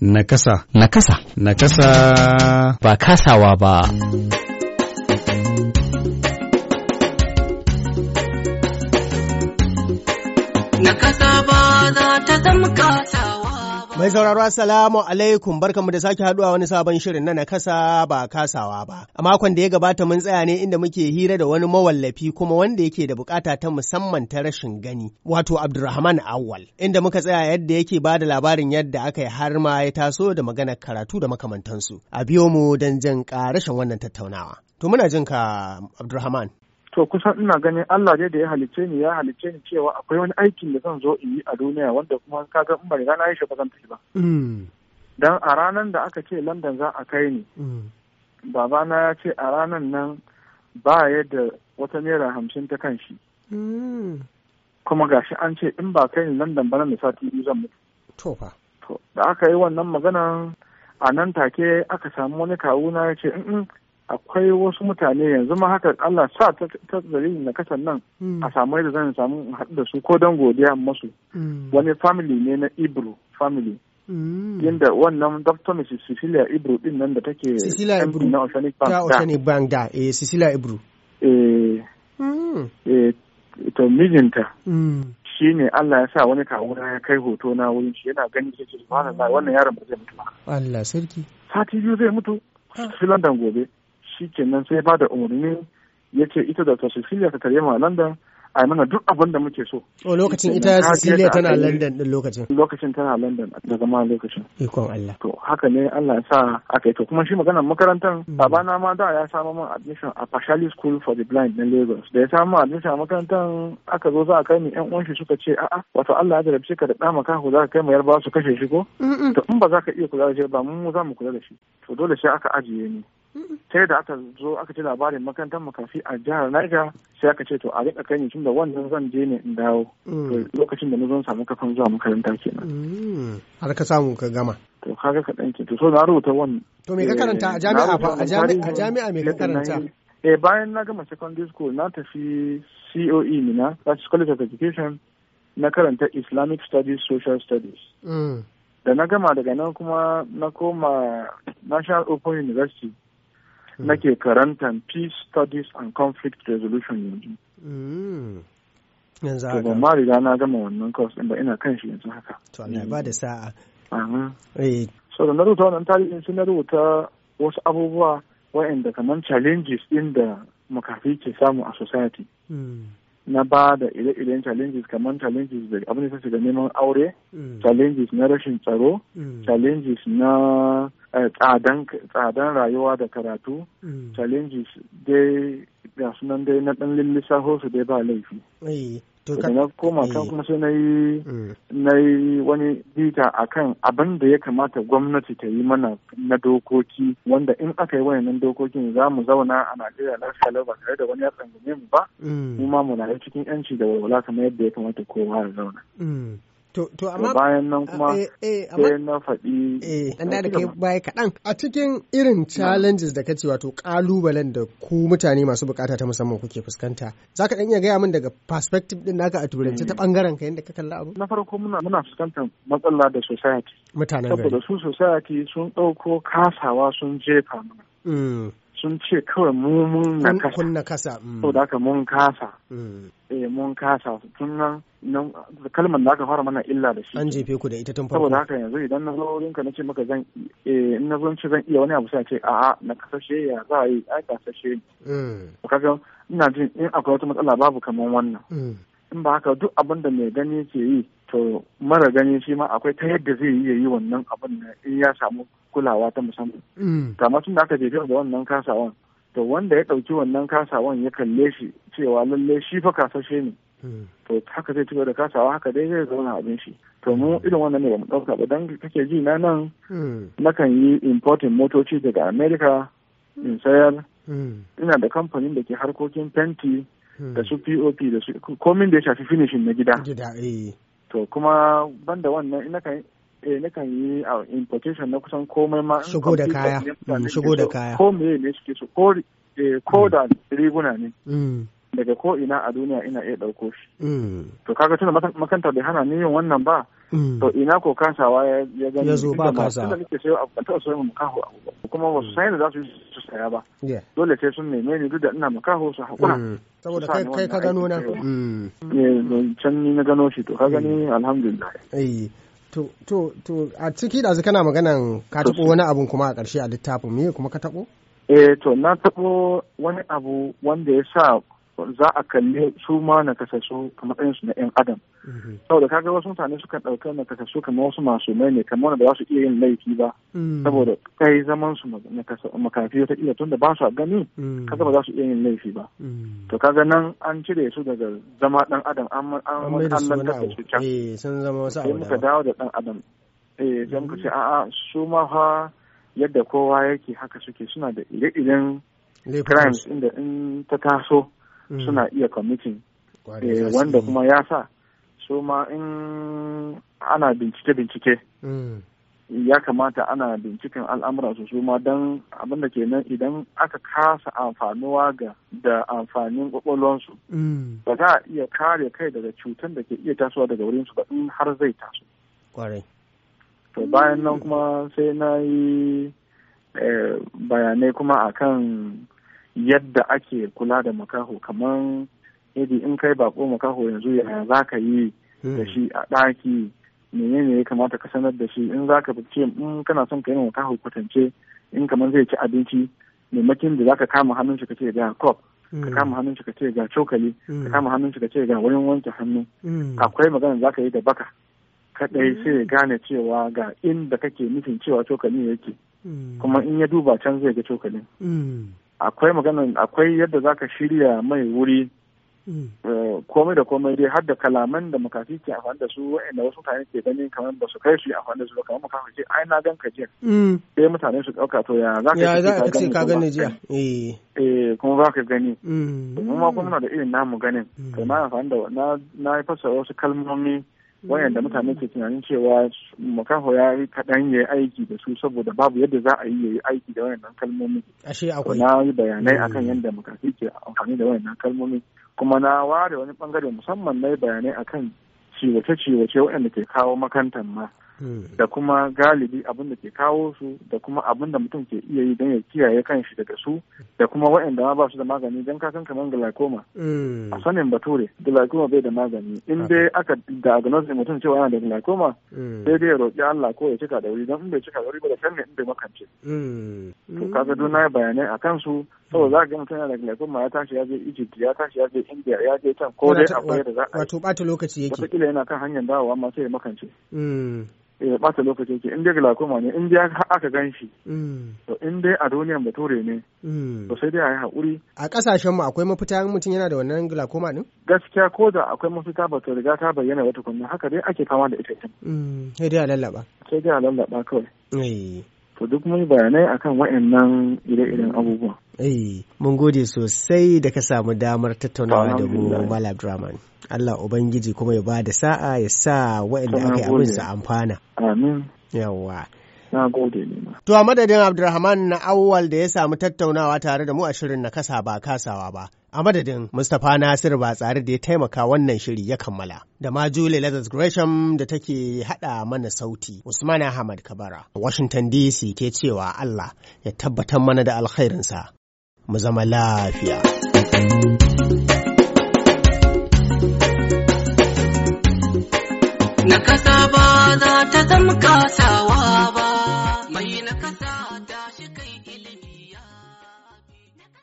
Nakasa. Nakasa. Nakasa. Ba kasawa ba. Nakasa ba za ta zama kasa. Mai sauraro asalamu alaikum barkamu da sake haduwa wani sabon shirin na nakasa ba kasawa ba. A makon da ya gabata mun tsaya ne inda muke hira da wani mawallafi kuma wanda yake da bukata ta musamman ta rashin gani, wato Abdulrahman Awwal, inda muka tsaya yadda yake ba da labarin yadda aka yi har ma ya taso da magana karatu da makamantansu. A biyo mu don jin karashin wannan tattaunawa. To muna jin ka Abdulrahman. to kusan ina ganin Allah dai da ya halicce ni ya halicce ni cewa akwai wani aikin da zan zo in yi a duniya wanda kuma ka ga in ba riga na yi shi zan tafi ba mm. dan a ranar da aka ce London za a kai ni mm. babana ya ce a ranar nan ba yadda wata naira hamsin ta kan shi mm. kuma gashi an ce in ba kai ni London ba nan da sati biyu zan mutu to fa to da aka yi wannan maganan a nan take aka samu wani kawuna ya ce akwai wasu mutane yanzu ma haka Allah sa ta dalilin na kasan nan hmm. a samu yadda zan samu haɗu da su ko don godiya masu hmm. wani family ne na Ibro family hmm. yadda wannan Dr. Mrs. Cecilia Ibro din nan da take Cecilia Ibro na Oceanic Bank ta Oceanic Bank da eh Cecilia Ibro eh eh to mijinta shi ne Allah ya sa wani kawuna ya kai hoto na wurin shi yana ganin shi subhanallah wannan yaron ba zai mutu ba Allah sarki sati biyu zai mutu ah. shi London gobe shi kenan sai ba da umarni ya ce ita da Cecilia ta kare ma London a mana duk abin da muke so. O oh, lokacin ita Cecilia tana London din lokacin. Lokacin tana London daga ma lokacin. Ikon Allah. To haka ne Allah ya sa aka yi to kuma shi maganar makarantar hmm. babana ma da ya samu min admission a Pashali School for the Blind na Lagos. Da ya samu admission a makarantar aka zo za a kai ni yan uwan shi suka ce a'a wato Allah ya jarabce ka da da maka ku za ka kai mu yarba su kashe shi ko? To in ba za ka iya kula da shi ba mu za mu kula da shi. To dole sai aka ajiye ni. sai da aka zo aka ci labarin makarantar makafi a jihar Niger sai aka ce to a rika kai tun da wannan zan je ne in dawo mm. lokacin da na zan samu kafin zuwa makaranta kenan mm. har ka samu ka gama to kaga ka danke to so na rubuta wannan to me ka karanta a jami'a eh, fa a jami'a me ka karanta eh bayan na gama secondary school na tafi COE ne na that's College of Education na karanta Islamic Studies Social Studies mm. da na gama daga nan kuma na koma National Open University Hmm. nake karantar peace studies and conflict resolution yanzu hmm. yanzu haka ma riga na gama wannan course din ba ina kan shi yanzu haka to Allah ba da sa'a amin. Eh. so da na rubuta wannan tarihin sun na rubuta wasu abubuwa waɗanda kamar challenges din da makafi ke samu a society hmm. na ba da ire-iren challenges kamar challenges da abin da shiga neman aure mm. challenges na rashin tsaro mm. challenges na eh, tsadan rayuwa da karatu mm. challenges dai ga sunan dai na ɗan lissaho su dai ba laifi eh, da na koma kan eh. kuma sai na yi mm. na yi wani bita kan abin da ya kamata gwamnati ta yi mana na dokoki wanda in aka yi wayannan dokokin za mu zauna a Najeriya na lau ba tare da wani ya tsangume mu ba mm. mu ma mu na cikin yanci da walwala kamar yadda ya kamata kowa ya zauna. Mm. To amma bayan nan kuma eh, eh, sai na faɗi eh, da kai baya kaɗan. A cikin irin challenges da kace wato ƙalubalen da ku mutane masu bukata ta musamman kuke fuskanta. Za ka ɗan iya gaya min daga perspective ɗin naka a turance ta mm. ɓangaren ka yadda ka kalla abu? Na farko muna muna fuskantar matsala da society. Mutanen gari. Saboda su society sun ɗauko kasawa sun jefa mana. Mm. sun ce kawai mu mun na kasa kun mm. na kasa So da aka mun kasa mm. eh mun kasa tun nan nan kalmar da aka fara mana illa da shi an jefe ku da ita tun farko saboda haka yanzu idan na zo wurin ka nace maka zan eh in na zo ce zan iya wani abu sai ce a'a na kasashe ya za a yi ai kasashe mm kaga ina jin in akwai wata matsala babu kamar wannan Mm. in ba haka duk abin da mai gani ke yi to mara gani shi ma akwai ta yadda zai yi ya yi wannan abin da in ya samu kulawa ta musamman. Kamar mm. tun da aka jefe da wannan kasawan to wanda ya ɗauki wannan kasawan ya kalle shi cewa lalle shi fa kasashe ne. Mm. To haka zai cigaba da kasawa haka dai zai zauna abin shi. To mu irin wannan ne ba mu ɗauka ba don kake ji na nan mm. nakan yi importing motoci daga America in sayar. Ina da kamfanin da ke harkokin fenti Hmm. da su pop da su komin da ya shafi finishing na gida gida eh to kuma banda wannan ina kan eh na kan yi a ah, importation na kusan komai ma shigo da kaya hmm, shigo da kaya ko me ne suke so ko eh, ko hmm. da riguna ne daga ko ina a duniya ina iya ɗauko shi to kaga tunda makanta bai hana ni yin wannan ba Mm. to ina ko kasawa ya gani ya zo ba kasa tunda nake sayo abu ta sayo makaho abu kuma wasu sai da za su su saya ba dole sai sun neme ni duk da ina makaho su hakura mm. saboda kai kai ka gano na mm. eh, can ni na gano shi to ka gani alhamdulillah to to to a ciki da kana maganan ka tabo wani abun kuma a ƙarshe a littafin me kuma ka tabo eh to na tabo wani abu wanda ya sa za a kalle su ma na kasassu a matsayin su na yan adam mhm. saboda kaga wasu mutane sukan ɗauka na kasassu kamar wasu masu mai ne kamar da ba su iya yin laifi ba saboda kai zaman su makafi ta iya tunda ba su a gani kaga ba za su iya yin laifi ba to kaga nan an cire su daga zama ɗan adam an an da su can eh, sun zama wasu abu muka dawo da ɗan adam eh zan muka ce mm. a'a su ma fa yadda kowa yake haka suke suna da ire-iren crimes inda in ta taso Mm. suna iya committing eh, wanda kuma ya sa su ma in ana bincike-bincike mm. ya kamata ana binciken al'amuran su su ma don abinda nan idan aka kasa amfanuwa ga da amfanin kwakwalwansu mm. ba za a iya kare kai daga cutan da ke iya tasowa daga wurinsu ba in har zai taso. to bayan nan kuma sai na yi eh, bayanai kuma akan yadda ake kula da makaho kamar yadda in kai bako makaho yanzu yaya za ka yi hmm. da shi a ɗaki menene ya kamata ka sanar da shi in za ka ce in kana son ka yi makaho kwatance in kamar zai ci abinci maimakin da za ka kama hannun shi ka ce ga kop ka hmm. kama hannun shi ka ce ga cokali ka hmm. kama hannun shi ka ce ga wurin wanke hannu akwai magana za ka yi da baka kadai sai ya gane cewa ga inda kake nufin cewa cokali yake kuma in ya duba can zai ga cokali. akwai maganin akwai yadda zaka shirya mai wuri mm. eh, komai da komai dai har da kalaman da makafi ke amfani da su wa'anda wasu mutane ke gani kamar ba su kai su yi amfani da su ba kamar makafi ce ai na gan ka jiya mm. sai mutane su ɗauka to ya za ka ce ka gani jiya eh kuma za ka gani domin ma kuma na da irin namu ganin kuma mm. na amfani da na fassara wasu kalmomi wayanda hmm. mutane ke tunanin cewa makaho ya yi kaɗan ya aiki da su saboda babu yadda za a yi ya yi aiki da wayannan kalmomi. Ashe akwai. Na yi bayanai akan hmm. yadda makafi ke amfani da wayannan kalmomi kuma na ware wani bangare musamman na yi bayanai akan ciwace-ciwace waɗanda ke kawo makantan ma. Hmm. da kuma galibi abin da ke kawo su da kuma abin da mutum ke iya yi don ya kiyaye kanshi daga su da kuma waɗanda ma ba su da magani don kasan kamar glaucoma hmm. a sanin bature glaucoma bai da magani in dai aka diagnose mutum cewa yana da glaucoma hmm. sai dai ya roƙi Allah ko ya cika da wuri don in bai cika da wuri ba da kan ne in bai makance to kaga duk na bayanai a su saboda za ka ga mutum yana da glaucoma ya tashi ya je Egypt ya tashi ya je India ya je can ko dai akwai da za a wato ɓata lokaci yake kila yana kan hanyar dawowa ma sai ya makance ya bata lokacin ki in dai glaucoma ne in dai aka gan shi mm. to in dai a duniyan bature ne mm. to sai dai a yi haƙuri a ƙasashen mu akwai mafita mutum yana da wannan glaucoma din gaskiya ko da akwai mafita ba to riga ta bayyana ba tukunna haka dai ake kama da ita din mm. sai dai a lallaba sai dai a lallaba kawai to duk mun bayanai akan waɗannan ire-iren abubuwa eh mun gode sosai da ka samu damar tattaunawa da mu Malam Allah Ubangiji kuma ya ba da sa'a ya sa waɗanda aka yi abin su amfana. Amin. Yawwa. Na gode ne. To a madadin Abdulrahman na awwal da ya samu tattaunawa tare da mu a shirin na kasa ba kasawa ba. A madadin Mustapha Nasir ba tsare da ya taimaka wannan shiri ya kammala. Da ma Julie Lazarus Gresham da take haɗa mana sauti Usman Ahmad Kabara. Washington DC ke cewa Allah ya tabbatar mana da alkhairinsa. Mu zama lafiya. thank you Na kasa ba za ta zama kasawa ba, mai na kasa.